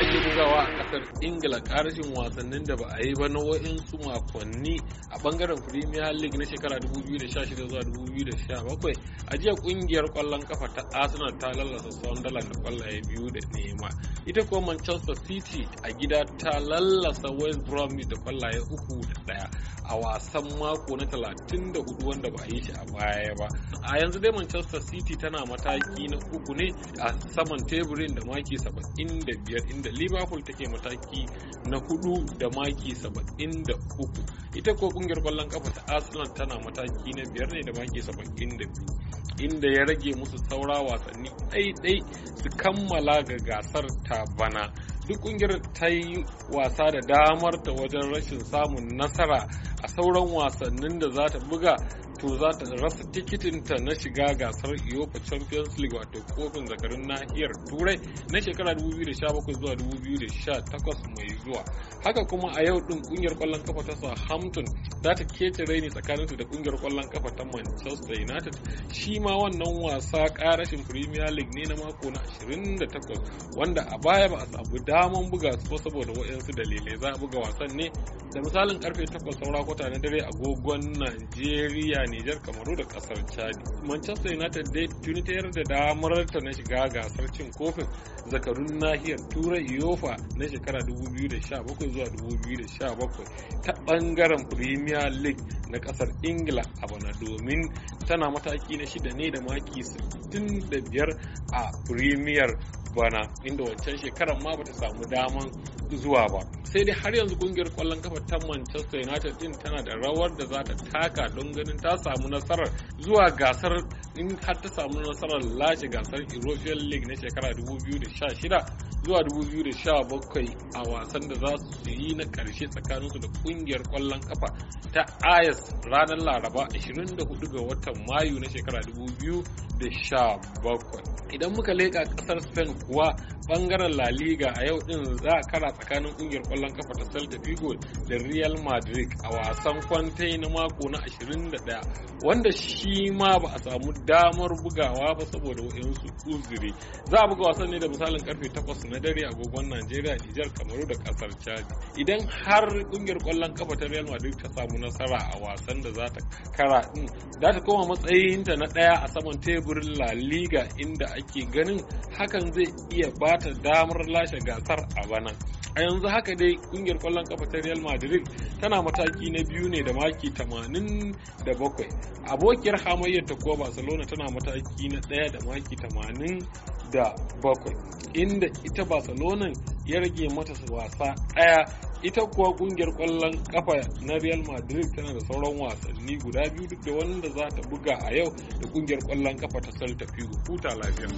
ake bugawa a kasar ingila karashin wasannin da ba a yi ba na su makonni a bangaren premier league na shekara 2016 zuwa 2017 a jiya kungiyar kwallon kafa ta arsenal ta lallasa sunderland da kwallaye biyu da nema ita kuma manchester city a gida ta lallasa west bromwich da kwallaye uku da daya a wasan mako na 34 wanda ba a yi shi a baya ba a yanzu dai manchester city tana mataki na uku ne a saman teburin da maki 75 inda da liverpool take mataki na hudu da maki 73 ita ko kungiyar kwallon kafa ta arsenal tana mataki na biyar ne da maki 72 inda ya rage musu saura wasanni ɗaiɗai su kammala ga gasar ta bana duk kungiyar ta yi wasa da damar ta wajen rashin samun nasara a sauran wasannin da za ta buga Sokoto za ta rasa tikitinta na shiga gasar UEFA Champions League wato kofin zakarun nahiyar Turai na shekara 2017 zuwa 2018 mai zuwa. Haka kuma a yau din kungiyar kwallon kafa ta Southampton za ta kece raini tsakaninta da kungiyar kwallon kafa ta Manchester United shi ma wannan wasa karashin Premier League ne na mako na 28 wanda a baya ba a samu daman buga su saboda waɗansu dalilai za a buga wasan ne da misalin karfe 8 saura kwata na dare agogon Najeriya Nijar, Kamaru da kasar Chad. Manchester United dai tuni ta yarda damar ta na shiga gasar cin kofin zakarun nahiyar Turai Yofa na shekara 2017 zuwa 2017 ta bangaren Premier League na kasar Ingila a bana domin tana mataki na shida ne da maki 65 a Premier bana inda wancan shekarar ma bata samu daman zuwa ba sai dai har yanzu kungiyar kwallon kafa ta manchester united din tana da rawar da za ta taka don ganin ta samu nasarar zuwa gasar in har ta samu nasarar lashe gasar european league na shekara 2016 zuwa 2017 a wasan da za su yi na karshe tsakaninsu da kungiyar kwallon kafa ta ayas ranar laraba 24 ga watan mayu na shekara da sha bakwai idan muka leƙa ƙasar spain kuwa bangaren la liga a yau din za a kara tsakanin ƙungiyar ƙwallon kafa ta celta vigo da real madrid a wasan kwantai na mako na 21 wanda shi ma ba a samu damar bugawa ba saboda wayansu uzuri za a buga wasan ne da misalin karfe 8 na dare agogon najeriya nijar kamaru da kasar chad idan har ƙungiyar ƙwallon kafa ta real madrid ta samu nasara a wasan da za ta kara din za ta koma matsayinta na ɗaya a saman tebur teburin La Liga inda ake ganin hakan zai iya bata damar lashe gasar a bana. A yanzu haka dai kungiyar kwallon kafa ta Real Madrid tana mataki na biyu ne da maki 87. Abokiyar hamayyar ta kuwa Barcelona tana mataki na ɗaya da maki 87 inda ita Barcelona ya rage mata wasa ɗaya ita kuwa kungiyar kwallon kafa na real madrid tana da sauran wasanni guda biyu duk da wanda za ta buga a yau da kungiyar kwallon kafa ta celta figo huta lafiya